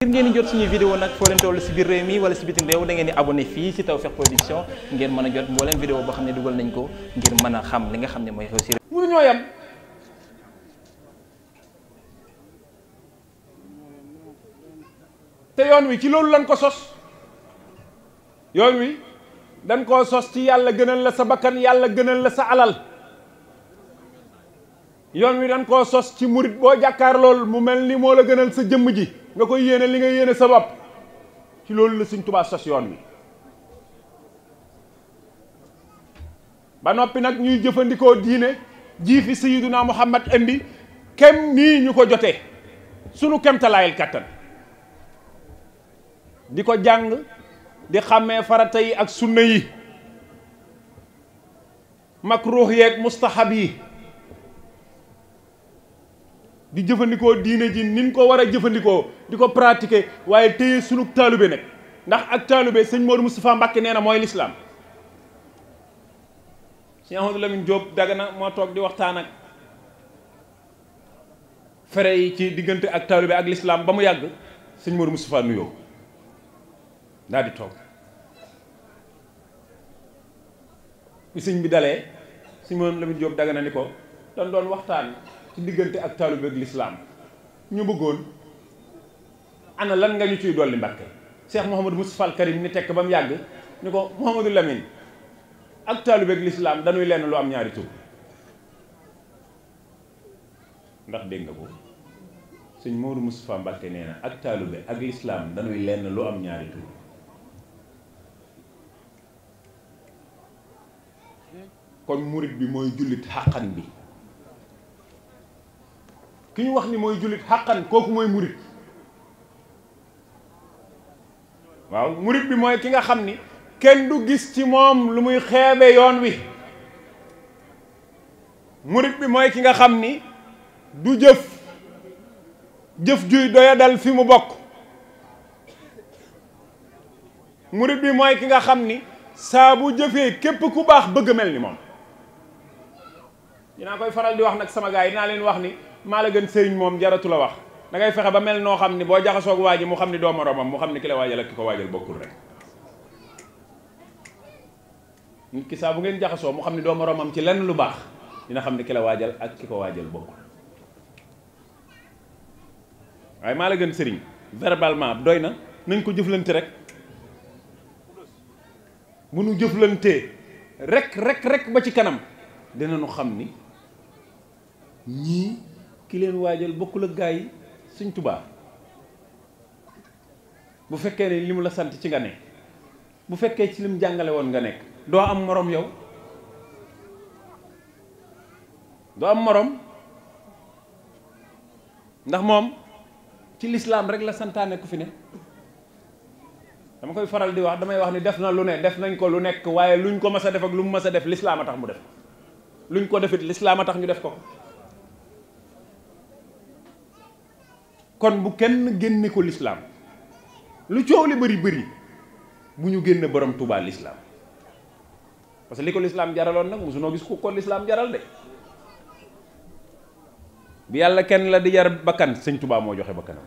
ngir ngeen di jot suñuy vidéo nag foo leen toll si biir réew mi wala si bitim réew da ngeen di abonné fii si Tawfekh Production ngeen mën a jot mbooleem vidéo boo xam ne dugal nañ ko ngir mën a xam li nga xam ne mooy xew si réew mënu ñoo yoon wi ci loolu lañ ko sos yoon wi dañ koo sos ci yàlla gënal la sa bakkan yàlla gënal la sa alal yoon wi dañ koo sos ci boo jàkkaar mu mel ni moo la gënal sa jëmm ji nga koy yéene li nga yéene sa bopp ci loolu la Sëñ Tuubaa sos yoon wi ba noppi nag ñuy jëfandikoo diine jii fi Sayyiduna Muhammad indi kem nii ñu ko jotee sunu kemtalaayal kàttan di ko jàng di xàmmee farata yi ak sunna yi makruux yeeg mustahab yi di jëfandikoo diine ji niñ ko war a jëfandikoo di ko pratiquer waaye téye sunu taalube nag ndax ak taalube sëñ Modou Moustapha Mbacké nee na mooy lislaam sëñ Amadou Lamine Diop na moo toog di waxtaan ak fere yi ci diggante ak taalube ak lislaam ba mu yàgg sëñ Modou Moustapha nuyoo daal di toog bi sëñ bi dalee sëñ Modou Lamine Diop Dagana ni ko dañ doon waxtaan ci diggante ak taalibe lislaam ñu bëggoon ana lan nga ñu ciy dolli Mbàkke Cheikh Mouhamadou Moustapha al Karim ni tekk ba mu yàgg ñu ko Mouhamadou Lamine ak taalibe lislaam dañuy lenn lu am ñaari tur ndax dégg nga ko sëñ Mourou Moustapha Mbàkke ak lislaam dañuy lenn lu am ñaari kon murit bi mooy jullit xàqan bi ki ñu wax ni mooy jullit xàqan kooku mooy murit waaw murit bi mooy ki nga xam ni kenn du gis ci moom lu muy xeebe yoon wi murit bi ki nga xam ni du jëf jëf juy doyadal fi mu bokk murit bi mooy ki nga xam ni saa bu jëfee képp ku baax bëgg mel ni moom dinaa koy faral di wax nag sama gaa yi dinaa leen wax ni maa la gën sëriñ moom jaratu la wax da ngay fexe ba mel noo xam ni boo jaxasoog waa ji mu xam ni doo moroomam mu xam ni ki la waajal ak ki ko waajal bokkul rek ki saa bu ngeen jaxasoo mu xam ni doo moroomam ci lenn lu baax dina xam ni ki waajal ak ki ko waajal bokkul waaye maa la gën sëriñ verbalement doy na nañ ko jëflante rek bu nu jëflantee rek rek rek ba ci kanam dina nu xam ni ñii ki leen waajal bokkul ak gaa yi Sëñ Tuubaa bu fekkee ne li mu la sant ci nga ne bu fekkee ci lim jàngale woon nga nekk doo am moroom yow doo am moroom ndax moom ci lislaam rek la santaane ku fi ne dama koy faral di wax damay wax ni def na lu ne def nañ ko lu nekk waaye lu luñ ko mas a def ak lu mu mas a def lislaam a tax mu def lu luñ ko defit lislaam a tax ñu def ko kon bu kenn génne ko lislaam lu coow li bëri bëri bu ñu génne borom Touba lislaam parce que li ko lislaam jaraloon nag mosunoo gis ku ko lislaam jaral de bi yàlla kenn la di jar bakkan sëñ Touba moo joxe bakkanam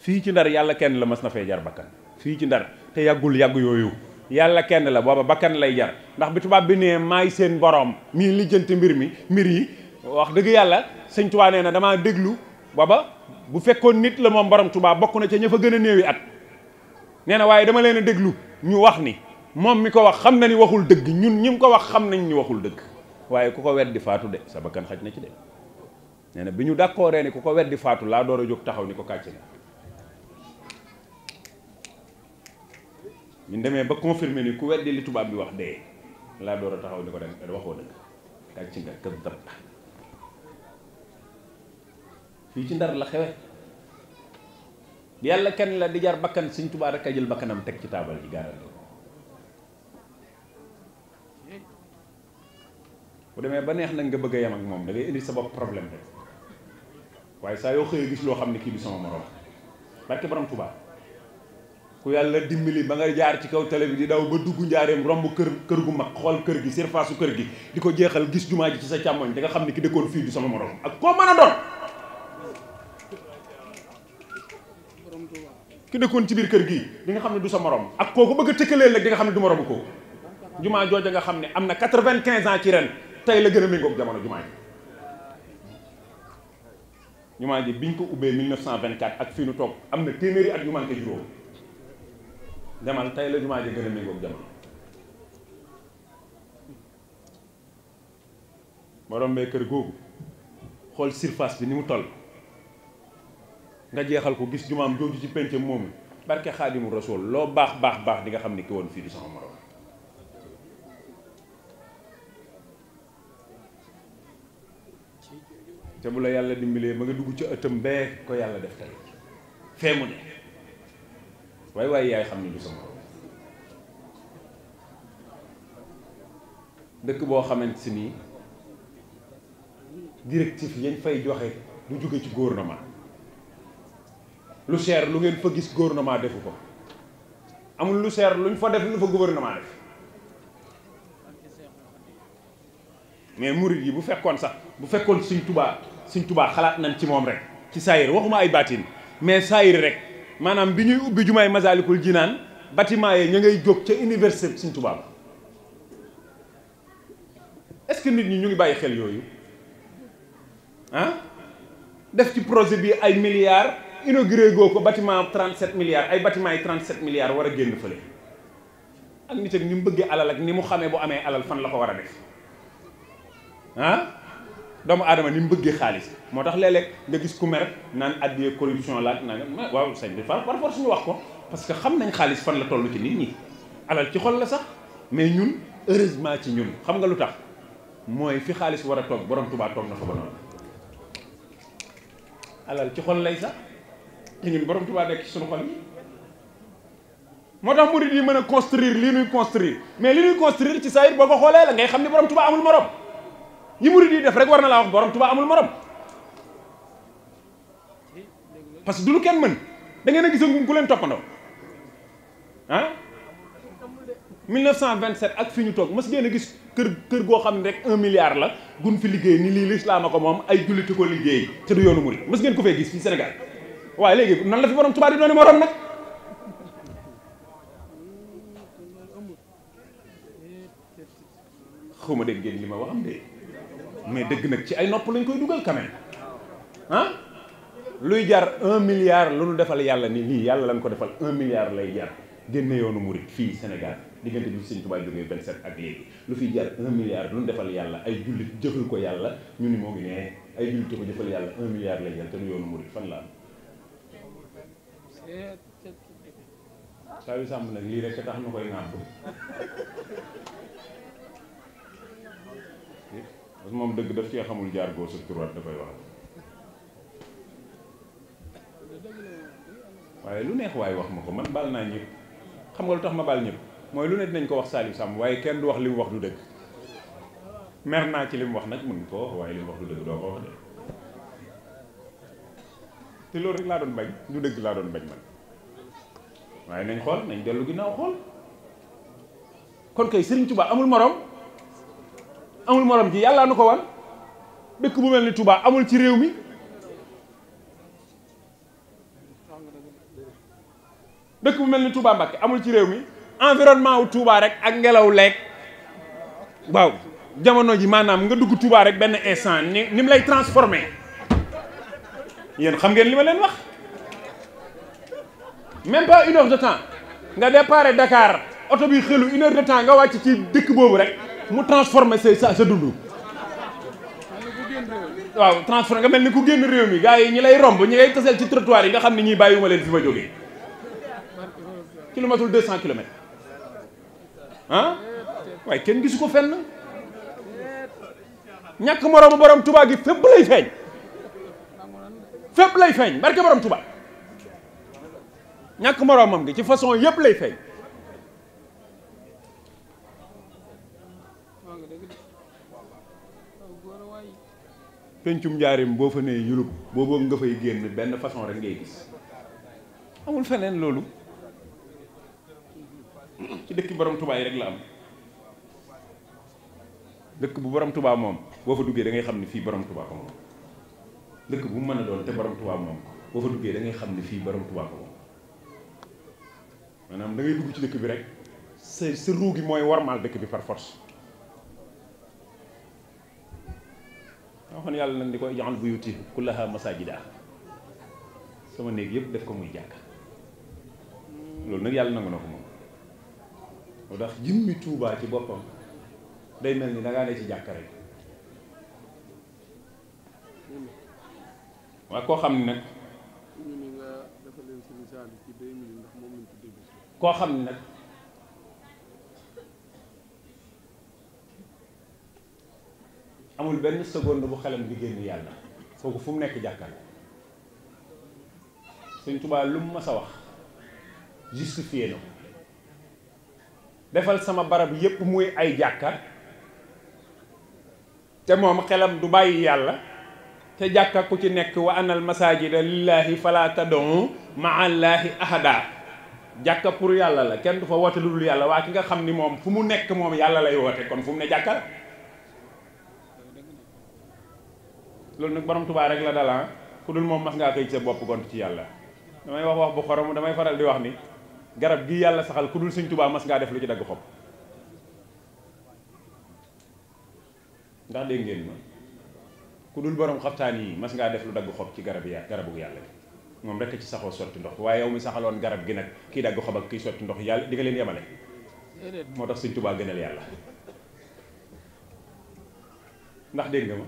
fii ci ndar yàlla kenn la mas na fee jar bakkan fii ci ndar te yàggul yàgg yooyu yàlla kenn la booba bakkan lay jar ndax bi tubaab bi nee maay seen borom mii lijjanti mbir mi mbir yi wax dëgg yàlla sëñ Touba nee na damaa déglu booba bu fekkoon nit la moom borom tubaab bokk na ca ña fa gën a néewi at nee na waaye dama leen a déglu ñu wax ni moom mi ko wax xam na ni waxul dëgg ñun ñi mu ko wax xam nañ ni waxul dëgg waaye ku ko weddi faatu de sa bakkan xaj na ci de nee na bi ñu d'accordee ni ku ko weddi faatu laa door a jóg taxaw ni ko kàcc na ñu demee ba confirmer ni ku weddi li tubaab bi wax dee laa door a taxaw ni ko dem waxoo dëgg kàcc nga kër dab yi ci ndar la xewe yàlla kenn la di jar bakkan suñ Tuubaa rek a jël bakkanam teg ci taabal ji gaaral bu demee ba neex nag nga bëgg a yem ak moom dangay indi sa bopp problème rek waaye saa yoo xëyee gis loo xam ne kii du sama morom barke borom Tuubaa ku yàlla dimbali ba nga jaar ci kaw télé bi di daw ba dugg njaareem romb kër kër gu mag xool kër gi surface su kër gi di ko jeexal gis jumaa ji ci sa càmmoñ da nga xam ne ki dëkkoon fii du sama morom ak ki dëkkoon ci biir kër gi di nga xam ne du sa morom ak kooku bëgg a tëkkaleel nag di nga xam ne du moromu kooku jumaa jooja nga xam ne am na quatre-vingt-quinze ans ci ren tey la gën a méngoog jamono jumaa ji jumaa ji biñ ko ubbee 1924 ak fii nu toog am na téeméeri at yu manqué juróom demal tey la jumaa ji gën a méngoog jamono borom bee kër googu xool surface bi ni mu toll nga jeexal ko gis jumaam jooju ci penc moom barke xaadimu rasool loo baax baax baax di nga xam ne ki woon fii du sama morom te bu la yàlla dimbalee ba nga dugg ci ëttam bee ko yàlla def tey fee mu ne waaye waaye yaay xam ne du sama morom dëkk boo xamante si nii directif yañ fay joxe du jóge ci gouvernement lu cher lu ngeen fa gis gouvernement defu ko amul lu cher luñ fa def lu fa gouvernement def mais murid yi bu fekkoon sax bu fekkoon suñ tubaa suñ tubaa xalaat nañ ci moom rek ci saayir waxuma ay baatin mais saayir rek maanaam bi ñuy ubbi jumaay Masaalikul Jinaan bâtiment yi ñu ngay jóg ca université suñ tubaa ba est nit ñi ñu ngi bàyyi xel yooyu ah def ci projet bi ay milliards inauguré goo ko bâtiment 37 milliards ay batiment yi 37 milliards war a génn fële ak nitam ni mu bëggee alal ak ni mu xamee bu amee alal fan la ko war a def ah doomu aadama ni mu bëggee xaalis moo tax léeg-léeg nga gis ku mer naan addiyee corruption la naan waaw sëñ bi par force ñu wax ko parce que xam nañ xaalis fan la toll ci nit ñi alal ci xol la sax mais ñun heureusement ci ñun xam nga lu tax mooy fi xaalis war a toog borom Tuubaa toog na fa ba ci xol lay sax te ñun borom Tuubaa nekk ci suñu xol yi moo tax murid yi mën a construire lii nuy construire mais li nuy construire ci saa yit boo ko xoolee la ngay xam ni borom Tuubaa amul morom ñi murid yi def rek war na laa wax borom tubaa amul morom parce que du lu kenn mën da ngeen a gis ku leen toppandoo ah 1927 ak fi ñu toog mas ngeen a gis kër kër goo xam ne rek un milliard la gun fi liggéey ni lii lislaam a ko moom ay julliti ko liggéey te du yoonu murid mas ngeen ko fee gis fii Sénégal waaye léegi nan la fi borom Tuubaa di doon morom nag xaw ma dégg ngeen li ma wax de mais dëgg nag ci ay nopp lañ koy dugal quand même ah luy jar un milliard lu nu defal yàlla ni lii yàlla lañ ko defal un milliard lay jar génne yoonu murit fii Sénégal diggante bi Sëñ Tuubaa jógee 27 ak léegi lu fi jar un milliard lu nu defal yàlla ay jullit jëfal ko yàlla ñu ni moo ngi ay jullit ko jëfal yàlla un milliard lay jar te nu yoonu murit fan la am Saaliu Samb nag lii rek tax ñu koy ŋàmp parce que moom dëgg daf cee xamul jaar gauche ak droite da wax waaye lu neex waaye wax ma ko man baal naa ñëpp xam nga lu tax ma baal ñëpp mooy lu ne nañ ko wax Saaliu Samb waaye kenn du wax li wax du dëgg mer naa ci li mu wax nag mun ko wax waaye li mu wax du dëgg doo ko wax de loolu rek laa doon bañ lu dëgg laa doon bañ man waaye nañ xool nañ dellu ginnaaw xool kon kay Serigne Touba amul morom amul morom ji yàlla nu ko wan dëkk bu mel ni Touba amul ci réew mi dëkk bu mel ni Touba Mbacké amul ci réew mi environnement wu Touba rek ak ngelaw lekk waaw jamono ji maanaam nga dugg Touba rek benn instant ni mu lay transformé yéen xam ngeen li ma leen wax même pas une heure de temps nga départ Dakar oto bi xëlu une heure de temps nga wàcc ci dëkk boobu rek mu transformé sa sa dund. waaw transformé nga mel ni ku génn réew mi gaa yi ñi lay romb ñi ngay taseel ci trottoir yi nga xam ne ñii bàyyiwuma leen fi ma jógee kilomètre deux cent kilomètres ah waaye kenn gisu ko fenn ñàkk moroomu borom Tuubaa gi fépp lay feeñ. fépp lay feeñ barke borom Touba ñàkk moroomam gi ci façon yëpp lay feeñ pencum njaarim boo fa nee yulub boobu nga fay génn benn façon rek ngay gis amul feneen loolu ci dëkk boroom Touba yi rek la am dëkk bu borom Touba moom boo fa duggee da ngay xam ne fii borom Touba ko moom dëkk bu mu mën a doon te borom Tuubaa moom ko boo fa duggee da ngay xam ne fii borom Tuubaa ko moom maanaam da dugg ci dëkk bi rek sa sa ruu gi mooy warmaal dëkk bi par force waxoon yàlla nag ni ko jaxal buyuti kullaha masajida sama néeg yëpp def ko muy jàkk loolu nag yàlla nangu na ko moom moo tax jëmmi Tuubaa ci boppam day mel ni da ngaa ne ci jàkk rek waaye koo xam ne nag koo xam ne nag amul benn seconde bu xelam di génn yàlla foogu fu mu nekk jàkkal Sëñ Tuubaa lu mu mas a wax justifié na ko defal sama barab yépp muy ay jàkka te moom xelam du bàyyi yàlla te jàkka ku ci nekk wa anal masajida lillahi fala tad'u ma'allahi ahada jàkka pour yàlla la kenn du fa woote lu dul yàlla waa ki nga xam ni moom fu mu nekk moom yàlla lay woote kon fu mu ne jàkka loolu nag borom tubaa rek la dalan ah. ku dul moom mas ngaa koy sa bopp gont ci yàlla damay wax wax bu xorom damay faral di wax ni garab gii yàlla saxal ku dul sëñ tubaa mas ngaa def lu ci dagg xob ndax dégg ngeen ma ku dul borom xaftaan yi mas ngaa def lu dagg xob ci garab ya garabu yàlla bi moom rek ci saxoo sotti ndox waaye yow mi saxaloon garab gi nag kii dagg xob ak kii sotti ndox yàlla di leen yemale moo tax sëñ Tuubaa gënal yàlla ndax dégg nga ma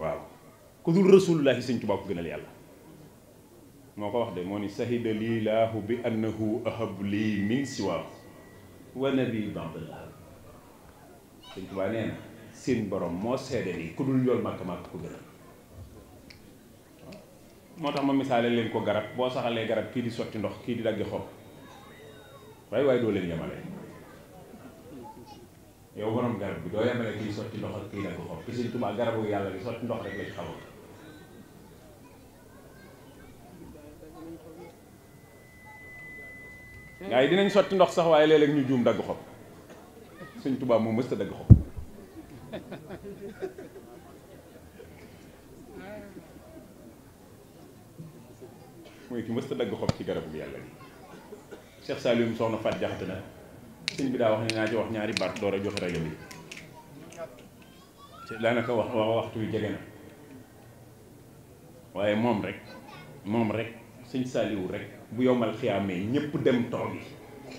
waaw moo ko wax de moo ni sahida liilaahu bi annahu ahab lii min siwaahu wa nabi bandlah sëñ Tuubaa nee na seen borom moo seede ni ku dul yool màkk màkk ko gënal moo tax ma misaale leen ko garab boo saxalee garab kii di sotti ndox kii di dagg xob waaye waaye doo leen yemale yow borom garab doo yemale sotti ndox ak kii daggi xob ki Sëñ garabu yàlla gi sotti ndox rek la ci xamoon gaa yi dinañ sotti ndox sax waaye léeg-léeg ñu juum dagg xob Sëñ Tuubaa moom mës dagg xob mooy ki mës ta dagg xob ci garabu yàlla bi Cheikh Saliou soxna Fat Jaxate na sëñ bi daa wax ne naa ci wax ñaari baat door a joxe rajo bi daanaka wax waxtu yu jege na waaye moom rek moom rek sëñ Saliou rek bu yomal xiyaamee ñëpp dem toog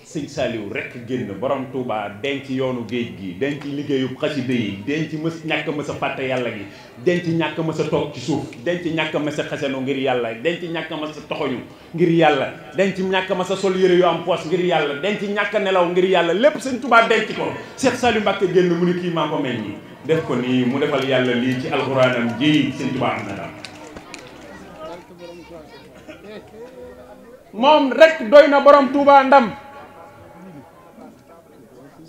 sëñ Saliou rek génn borom Touba denc yoonu géej gi denc liggéeyub xasida yi denc mës ñàkk mës a fàtte yàlla gi denc ñàkk mës a toog ci suuf denc ñàkk mës a xasanu ngir yàlla denc ñàkk mës a toxoñu ngir yàlla denc ñàkk mës a sol yére yu am poos ngir yàlla denc ñàkk nelaw ngir yàlla lépp sëñ Touba denc ko Cheikh Saliou Mbacké génn mu ni kii maa ko meññ def ko nii mu defal yàlla lii ci alxuraanam ji sëñ Touba am na daal moom rek doy na borom Touba ndam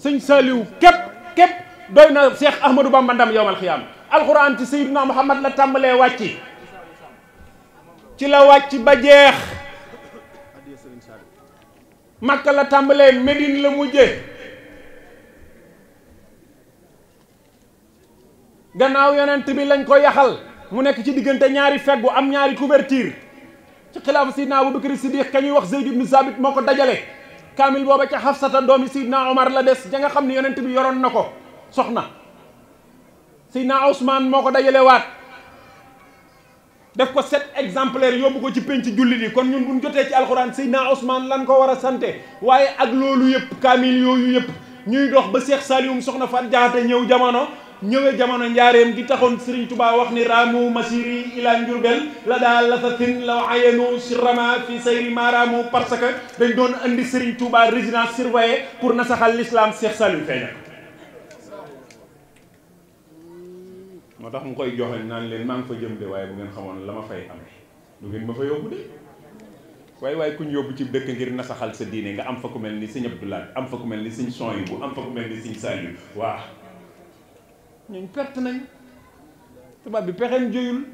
sëñ saaliw képp képp doy na Cheikh Ahmadou Bamba ndam yowmal xiyaam alxuraan ci Seydina Muhammad la tàmbalee wàcc ci la wàcc ba jeex Makka la tàmbalee Medine la mujje gannaaw yonent bi lañ ko yaxal mu nekk ci diggante ñaari feggu am ñaari couverture ci xilaafa Seydina Abubakar Siddiq ka ñuy wax Zeyd ibnu Sabit moo ko dajale kaamil booba ca xafsata doomi Seydina Omar la des ja nga xam ne yonent bi yoroon na ko soxna Seydina Ousmane moo ko waat def ko set exemplaires yóbbu ko ci penc jullit yi kon ñun buñ jotee ci alxuraan Seydina Ousmane lan ko war a sante waaye ak loolu yëpp kaamil yooyu yëpp ñuy dox ba Seex Salium soxna Faat Jaxate ñëw jamono ñëwee jamono njaareem gi taxoon Sëriñ Tuubaa wax ni raamu masiri ila njurbel la daal la sa tin law ayenu sirrama fi sayri maaraamu parce que dañ doon andi Sëriñ Tuubaa résidence surveillée pour nasaxal l'islam Cheikh Saliou feeña moo tax mu koy joxe naan leen maa ngi fa jëm de waaye bu xamoon la ma fay amee du ngeen ma fa yóbbu de waaye waaye ku yóbbu ci dëkk ngir nasaxal sa diine nga am fa ku mel ni sëñ Abdoulaye am mel ni sëñ am fa ku mel ni sëñ ñooñ perte nañ tubaab bi pexeem joyul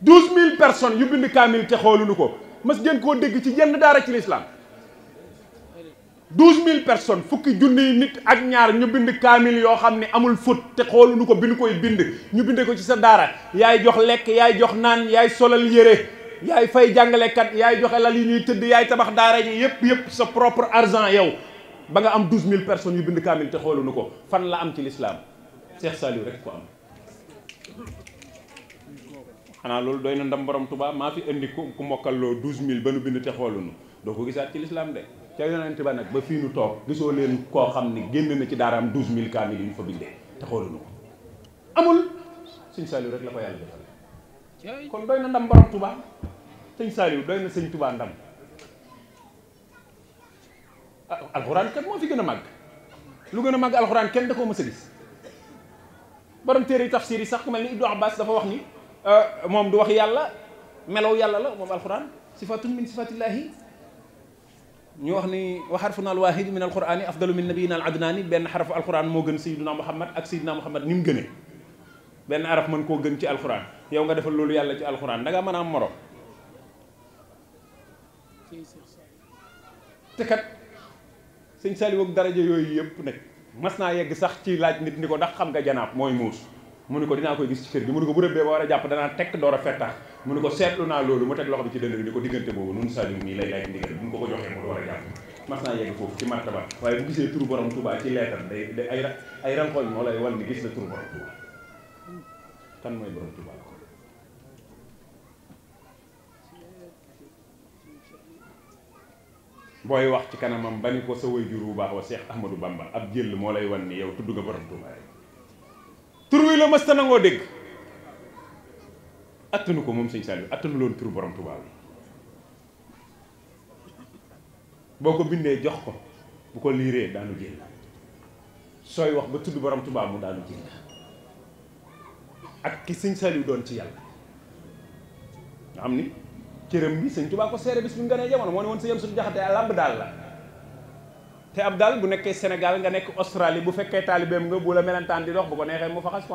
douze mille personnes yu bind kaamil te xooluñu ko mas ngeen koo dégg ci jenn daara ci lislaam douze mille personne fukki junniy nit ak ñaar ñu bind kaamil yoo xam ne amul fóot te xooluñu ko bi ñu koy bind ñu bindee ko ci sa daara yaay jox lekk yaay jox naan yaay solal yére yaay fay jàngalekat yaay joxe lal yi ñuy tëdd yaay tabax daara yi yëpp yëpp sa propre argent yow ba nga am douze mille personnes yu bind kaamil te xooluñu ko fan la am ci Seex Saaliw rek ko am xanaa loolu doy na ndam borom Tuubaa maa fi indi ku ku mokkal loo douze mille ba nu bind te xoolunu doo ko gisaat ci lislaam de ca yonent ba nag ba fii nu toog gisoo leen koo xam ni génn na ci daaraam douze mille kaamil yi ñu fa bindee te xoolunu ko amul sëñ Saaliw rek la ko yàlla defal kon doy na ndam borom Tuubaa sëñ Saaliw doy na sëñ Tuubaa ndam ah, alxuraan kat moo fi gën a màgg lu gën a màgg alxuraan kenn da koo mës gis borom téere yi tafsir yi sax ku mel ni Ibnu Abbas dafa wax ni euh, moom du wax yàlla melow yàlla la moom alquran sifatun min sifatillahi ñu wax ni wa xarfuna alwahid min alqurani afdalu min nabiyina al adnani benn xaraf alquran moo gën sayyiduna muhammad ak sayyiduna muhammad ni mu gënee benn araf mën koo gën ci alquran yow nga defal loolu yàlla ci alquran da nga mën a am morom te kat sëñ Saliou daraja yooyu yëpp nag mas naa yegg sax ci laaj nit ni ko ndax xam nga janaab mooy muus mu ni ko dinaa koy gis ci kër gi mu ni ko bu rëbbee ba war a jàpp danaa tekk door a fettax mu ni ko seetlu naa loolu mu teg loxo bi ci dënd bi ni ko diggante boobu nun Saliou mii lay laaj ndigal bu ko ko joxee mu door a jàpp mas naa yegg foofu ci martaba waaye bu gisee turu borom Touba ci leetar day ay ay ranqooñ moo lay wan ni gis na turu borom Touba kan booy wax ci kanamam ba ni ko sa waajur wu baax wa Seex Ahmadou Bamba ab jël moo lay wan ni yow tudd nga borom Tuuba tur wi la mësta nangoo dégg attanu ko moom sëñ Saliou attanu loon tur borom Tuuba bi boo ko bindee jox ko bu ko liiree daanu jël sooy wax ba tudd borom Tuuba mu daanu jël ak ki sëñ Saliou doon ci yàlla nga xam ni cëram bi sëñ Tuubaa ko seere bis bi mu gënee jamono moo ne woon sëñ Amsatu Jaxate làmb daal la te ab daal bu nekkee Sénégal nga nekk Australie bu fekkee taalibeem nga bu la melentaan di dox bu ko neexee mu faxas ko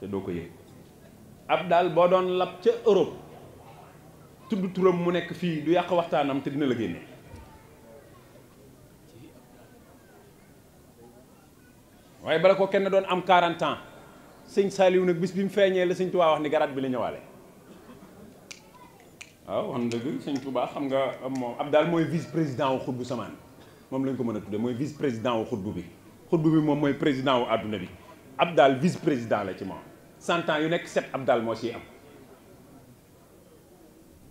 te doo ko yëg ab daal boo doon lab ca Europe tudd turam mu nekk fii du yàq waxtaanam te dina la génne waaye bala ko kenn doon am 40 ans sëñ Saliou nag bis bi mu feeñee la sëñ Tuubaa wax ni garaat bi la ñëwaale waaw wax na dëgg sëñ Touba xam nga moom ab daal mooy vice président wu xutbu samaan moom lañ ko mën a tuddee mooy vice président wu xutbu bi xutbu bi moom mooy président wu àdduna bi ab daal vice président la ci moom cent yu nekk set ab daal moo siy am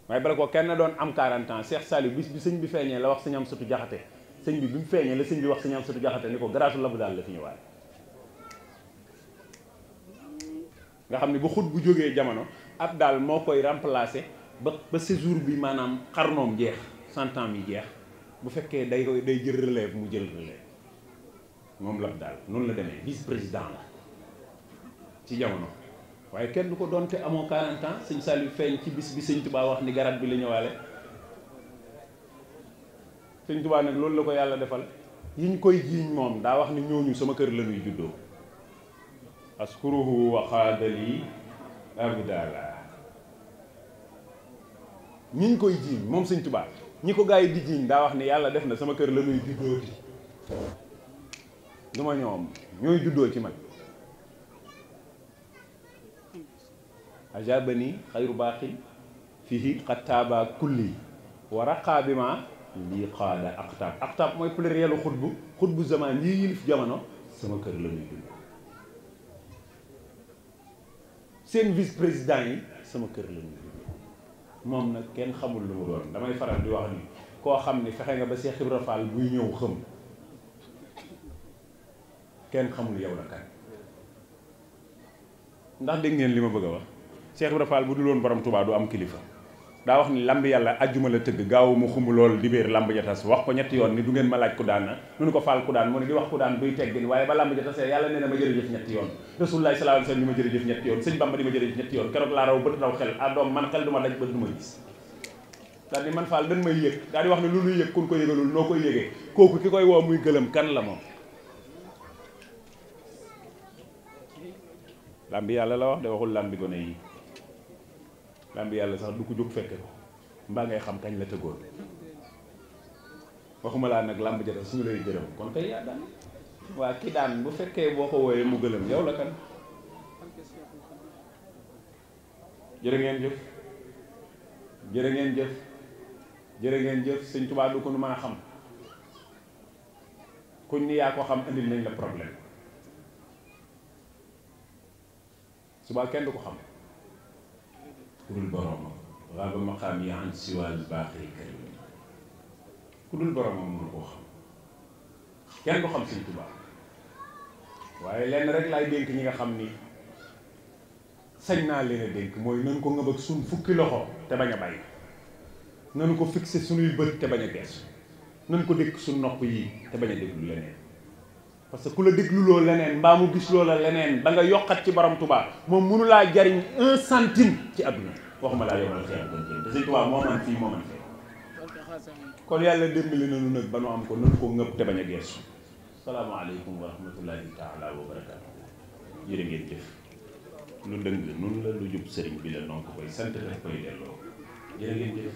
waaye bala ko kenn doon am 40 ans Cheikh Saliou bi sëñ bi feeñee la wax sëñ am satu jaxate sëñ bi bi mu feeñee la sëñ bi wax sëñ am satu jaxate ni ko garaasu la bu daal la fi ñëwaat nga xam ne bu xut bu jógee jamono ab daal moo koy remplacer ba ba séjour bi maanaam xarnoom jeex cent ans mi jeex bu fekkee day koy day jël relève mu jël relève moom lab daal noonu la demee vice président la ci jamono waaye kenn du ko doonte amoo 40 ans sëñ Saliou feeñ ci bis bi sëñ Touba wax ni garab bi la ñëwaale sëñ Touba nag loolu la ko yàlla defal yi koy jiiñ moom daa wax ni ñooñu sama kër la ñuy juddoo askuruhu waxaadali abdala ñi ñu koy jiiñ moom sëñ Tuubaa ñi ko gars yi di jiiñ daa wax ne yàlla def na sama kër la ñuy juddoo ci du ma ñoom ñooy juddoo ci mag ajabani xayru baaxin fihi xattaaba kulli wa raqaa bi ma lii xaada aqtaab aqtaab mooy plurielu xutbu xutbu zaman yii yilif jamono sama kër la dund seen vice président yi sama kër la moom nag kenn xamul lu mu doon damay faral di wax ni koo xam ni fexe nga ba Cheikh Ibra Fall buy ñëw xëm kenn xamul yow la kan ndax dégg ngeen li ma bëgg a wax Cheikh Ibra Fall bu dul woon borom Touba du am kilifa daa wax ni lamb yàlla ajjuma la tëgg gaawu mu xumb lool dibéer lamb ja tas wax ko ñetti yoon ni du ngeen ma laaj ku daan na nunu ko faal ku daan mu ne di wax ku daan duy teggin waaye ba lamb ja yàlla nee na ma jërëjëf ñetti yoon rasulullah sallallahu alayhi wasallam ni ma jërëjëf ñetti yoon sëñ bamba di ma jërëjëf ñetti yoon keroog laa raw bët raw xel ah doom man xel du ma daj bët du ma gis daal di man faal dan may yëg daal di wax ne lu nuy yëg kun ko yëgalul noo koy yëgee kooku ki koy woo kan la moom lamb yàlla la wax de waxul lambi gone yi làmb yàlla sax du ko jóg fekke ko mbaa ngay xam kañ la tëggoon waxuma laa nag làmb jata suñu lay gërëm kon kay yaa daan waa ki daan bu fekkee boo ko wooyee mu gëlëm yow la kan jërë ngeen jëf jërë ngeen jëf jërë ngeen jëf sëñ Tuubaa du ko nu maa xam kuñ ni yaa ko xam indil nañ la problème subaa kenn du ko xam ku dul boromam raaba maqaam yi an siwaal baaxil karim ku dul boromam mënu koo xam kenn ko xam Sëñ Tuubaa waaye lenn rek laay dénk ñi nga xam ni sañ naa leen a dénk mooy nañ ko ngëb ak suñ fukki loxo te bañ a bàyyi nan ko fixé suñuy bët te bañ a gees nan ko dékk su nopp yi te bañ a déglu leneen parce que ku la déglu leneen mbaa mu gis loo la leneen ba nga yokkat ci borom Tuubaa moom mënu laa jariñ un centime ci àdduna waxuma laa yomal xeer te Sëñ Tuubaa moo man fii moo man fee kon yàlla dimbali nanu nag ba nu am ko nanu ko ngëpp bañ a geesu salaamaaleykum wa rahmatullahi taala wa barakaatu jërë ngeen jëf lu dëng nun la lu jub sëriñ bi la noo ko koy sant daf koy delloo jërë ngeen jëf